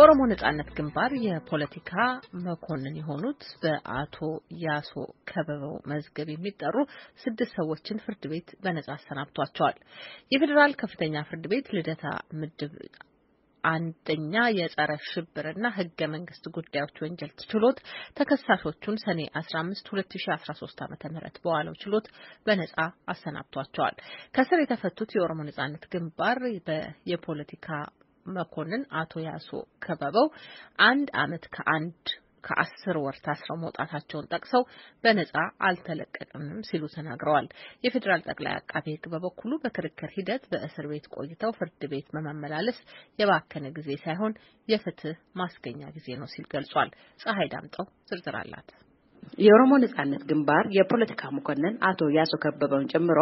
በኦሮሞ ነጻነት ግንባር የፖለቲካ መኮንን የሆኑት በአቶ ያሶ ከበበው መዝገብ የሚጠሩ ስድስት ሰዎችን ፍርድ ቤት በነጻ አሰናብቷቸዋል። የፌዴራል ከፍተኛ ፍርድ ቤት ልደታ ምድብ አንደኛ የጸረ ሽብርና ህገ መንግስት ጉዳዮች ወንጀል ችሎት ተከሳሾቹን ሰኔ 15 2013 ዓ.ም በዋለው ችሎት በነጻ አሰናብቷቸዋል። ከስር የተፈቱት የኦሮሞ ነጻነት ግንባር የፖለቲካ መኮንን አቶ ያሶ ከበበው አንድ አመት ከአንድ ከአስር ወር ታስረው መውጣታቸውን ጠቅሰው በነጻ አልተለቀቅንም ሲሉ ተናግረዋል። የፌዴራል ጠቅላይ አቃቤ ሕግ በበኩሉ በክርክር ሂደት በእስር ቤት ቆይተው ፍርድ ቤት በመመላለስ የባከነ ጊዜ ሳይሆን የፍትህ ማስገኛ ጊዜ ነው ሲል ገልጿል። ፀሐይ ዳምጠው ዝርዝር አላት። የኦሮሞ ነጻነት ግንባር የፖለቲካ መኮንን አቶ ያሶ ከበበውን ጨምሮ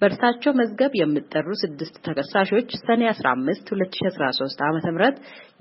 በእርሳቸው መዝገብ የሚጠሩ ስድስት ተከሳሾች ሰኔ 15 2013 ዓ.ም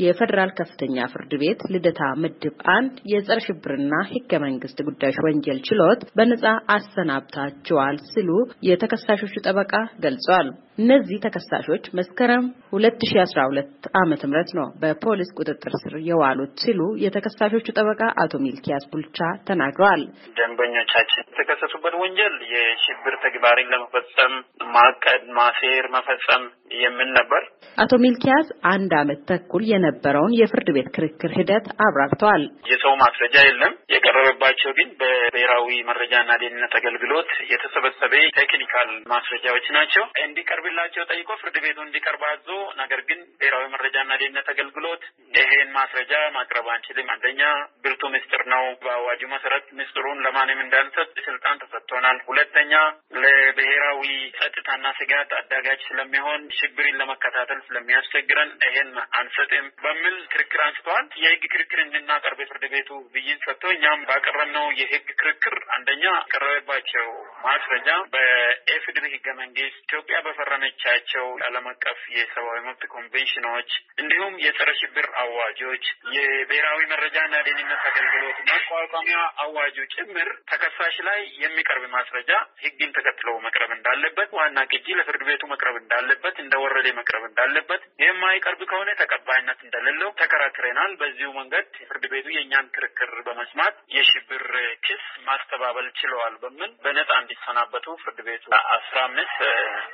የፌዴራል ከፍተኛ ፍርድ ቤት ልደታ ምድብ አንድ የጸረ ሽብርና ህገ መንግስት ጉዳዮች ወንጀል ችሎት በነጻ አሰናብታቸዋል ሲሉ የተከሳሾቹ ጠበቃ ገልጿል። እነዚህ ተከሳሾች መስከረም 2012 ዓመተ ነው በፖሊስ ቁጥጥር ስር የዋሉት ሲሉ የተከሳሾቹ ጠበቃ አቶ ሚልኪያስ ቡልቻ ተናግረዋል። ተናግረዋል። ደንበኞቻችን የተከሰሱበት ወንጀል የሽብር ተግባርን ለመፈጸም ማቀድ፣ ማሴር፣ መፈጸም የምን ነበር። አቶ ሚልኪያስ አንድ አመት ተኩል የነበረውን የፍርድ ቤት ክርክር ሂደት አብራርተዋል። የሰው ማስረጃ የለም። የቀረበባቸው ግን በብሔራዊ መረጃና ደህንነት አገልግሎት የተሰበሰበ ቴክኒካል ማስረጃዎች ናቸው። እንዲቀርብላቸው ጠይቆ ፍርድ ቤቱ እንዲቀርብ አዞ፣ ነገር ግን ብሔራዊ መረጃና ደህንነት አገልግሎት ይሄን ማስረጃ ማቅረብ አንችልም፣ አንደኛ ብርቱ ምስጢር ነው፣ በአዋጁ መሰረት ሚኒስትሩን ለማንም እንዳንሰጥ ስልጣን ተሰጥቶናል። ሁለተኛ ለብሔራዊ ጸጥታና ስጋት አዳጋጅ ስለሚሆን ሽብርን ለመከታተል ስለሚያስቸግረን ይሄን አንሰጥም በሚል ክርክር አንስተዋል። የህግ ክርክር እንድናቀርብ ፍርድ ቤቱ ብይን ሰጥቶ እኛም ባቀረብነው የህግ ክርክር አንደኛ ቀረበባቸው ማስረጃ በኢፌዴሪ ህገ መንግስት ኢትዮጵያ በፈረመቻቸው ዓለም አቀፍ የሰብአዊ መብት ኮንቬንሽኖች እንዲሁም የጸረ ሽብር አዋጆች የብሔራዊ መረጃና ደህንነት አገልግሎት ማቋቋሚያ አዋጁ ጭምር ተከሳሽ ላይ የሚቀርብ ማስረጃ ህግን ተከትሎ መቅረብ እንዳለበት፣ ዋና ቅጂ ለፍርድ ቤቱ መቅረብ እንዳለበት፣ እንደወረደ መቅረብ እንዳለበት፣ የማይቀርብ ከሆነ ተቀባይነት እንደሌለው ተከራክረናል። በዚሁ መንገድ ፍርድ ቤቱ የእኛን ክርክር በመስማት የሽብር ክስ ማስተባበል ችለዋል በሚል በነጻ እንዲሰናበቱ ፍርድ ቤቱ አስራ አምስት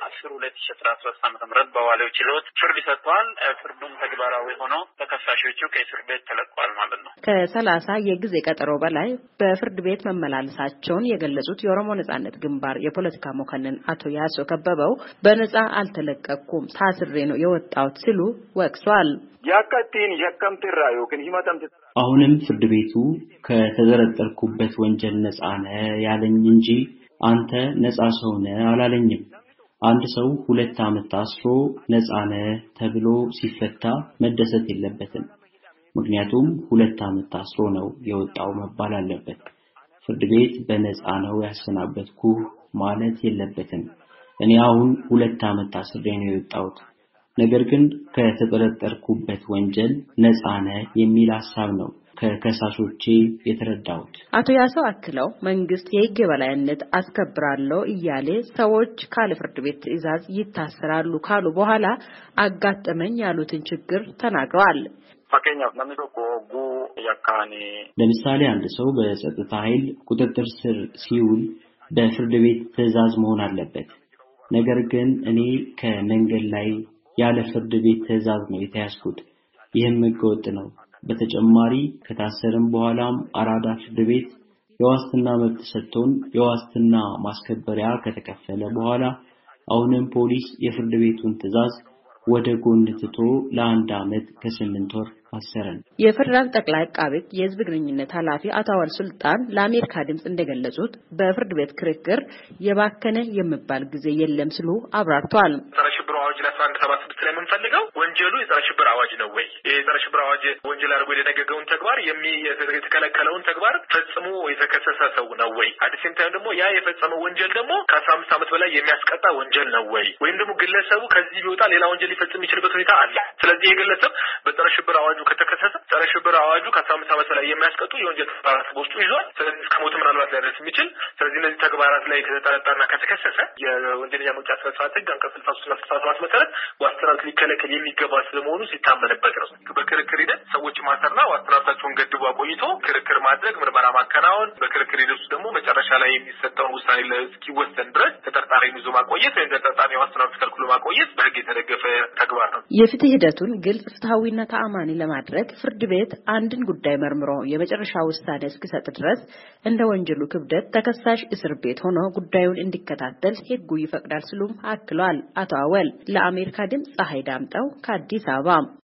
አስር ሁለት ሺ አስራ ሶስት አመተ ምህረት በዋለው ችሎት ፍርድ ሰጥተዋል። ፍርዱም ተግባራዊ ሆኖ ተከሳሾቹ ከእስር ቤት ተለቋል ማለት ነው። ከሰላሳ የጊዜ ቀጠሮ በላይ በፍርድ ቤት መመላለሳቸውን የገለጹት የኦሮሞ ነጻነት ግንባር የፖለቲካ መኮንን አቶ ያሶ ከበበው በነጻ አልተለቀኩም ታስሬ ነው የወጣሁት ሲሉ ወቅሷል። ያካቲን የከምትራ ግን ሂመተምት አሁንም ፍርድ ቤቱ ከተዘረጠርኩበት ወንጀል ነጻ ነ ያለኝ እንጂ አንተ ነፃ ሰው ነህ አላለኝም። አንድ ሰው ሁለት ዓመት ታስሮ ነፃ ነህ ተብሎ ሲፈታ መደሰት የለበትም። ምክንያቱም ሁለት ዓመት ታስሮ ነው የወጣው መባል አለበት። ፍርድ ቤት በነፃ ነው ያሰናበትኩህ ማለት የለበትም። እኔ አሁን ሁለት ዓመት ታስሬ ነው የወጣሁት። ነገር ግን ከተጠረጠርኩበት ወንጀል ነፃ ነህ የሚል ሐሳብ ነው ከከሳሾቼ የተረዳሁት። አቶ ያሰው አክለው መንግስት የህግ የበላይነት አስከብራለሁ እያለ ሰዎች ካለ ፍርድ ቤት ትዕዛዝ ይታሰራሉ ካሉ በኋላ አጋጠመኝ ያሉትን ችግር ተናግረዋል። ለምሳሌ አንድ ሰው በጸጥታ ኃይል ቁጥጥር ስር ሲውል በፍርድ ቤት ትዕዛዝ መሆን አለበት። ነገር ግን እኔ ከመንገድ ላይ ያለ ፍርድ ቤት ትዕዛዝ ነው የተያዝኩት። ይህም ህገወጥ ነው። በተጨማሪ ከታሰረም በኋላም አራዳ ፍርድ ቤት የዋስትና መብት ሰጥቶን የዋስትና ማስከበሪያ ከተከፈለ በኋላ አሁንም ፖሊስ የፍርድ ቤቱን ትዕዛዝ ወደ ጎን ትቶ ለአንድ ዓመት ከስምንት ወር አሰረን። የፌዴራል ጠቅላይ አቃቤ ሕግ የህዝብ ግንኙነት ኃላፊ አቶ አዋል ሱልጣን ለአሜሪካ ድምፅ እንደገለጹት በፍርድ ቤት ክርክር የባከነ የሚባል ጊዜ የለም ሲሉ አብራርተዋል። ጸረ ሽብር አዋጅ ላይ አንድ ሰባት ስድስት ላይ የምንፈልገው ወንጀሉ የጸረ ሽብር አዋጅ ነው ወይ? ይህ የጸረ ሽብር አዋጅ ወንጀል አድርጎ የደነገገውን ተግባር የተከለከለውን ተግባር ፈጽሞ የተከሰሰ ሰው ነው ወይ? አዲስም ታይም ደግሞ ያ የፈጸመው ወንጀል ደግሞ ከአስራ አምስት ዓመት በላይ የሚያስቀጣ ወንጀል ነው ወይ? ወይም ደግሞ ግለሰቡ ከዚህ ቢወጣ ሌላ ወንጀል ሊፈጽም የሚችልበት ሁኔታ አለ። ስለዚህ የግለሰብ በጸረ ሽብር አዋጁ ከተከሰሰ ጸረ ሽብር አዋጁ ከአስራ አምስት ዓመት በላይ የሚያስቀጡ የወንጀል ተግባራት በውስጡ ይዟል። ስለዚህ እስከ ሞት ምናልባት ሊያደርስ የሚችል ስለዚህ እነዚህ ተግባራት ላይ ከተጠረጠረና ከተከሰሰ የወንጀለኛ መቅጫ ስነ ስርዓት ህግ አንቀጽ ስልሳ ሶስትና ስልሳ ሰባት መሰረት ዋስትናት ሊከለከል የሚገባ ስለመሆኑ ሲታመንበት ነው በክርክር ሂደት ሰዎች ማሰርና ዋስትናብታቸውን ገድቦ አቆይቶ ክርክር ማድረግ፣ ምርመራ ማከናወን፣ በክርክር ሂደት ውስጥ ደግሞ መጨረሻ ላይ የሚሰጠውን ውሳኔ ለእስኪወሰን ድረስ ተጠርጣሪ ይዞ ማቆየት ወይም ተጠርጣሪ ዋስትናብት ከልክሎ ማቆየት በህግ የተደገፈ ተግባር ነው። የፍትህ ሂደቱን ግልጽ፣ ፍትሐዊና ተአማኒ ለማድረግ ፍርድ ቤት አንድን ጉዳይ መርምሮ የመጨረሻ ውሳኔ እስኪሰጥ ድረስ እንደ ወንጀሉ ክብደት ተከሳሽ እስር ቤት ሆኖ ጉዳዩን እንዲከታተል ህጉ ይፈቅዳል ሲሉም አክሏል። አቶ አወል ለአሜሪካ ድምፅ ፀሐይ ዳምጠው ከአዲስ አበባ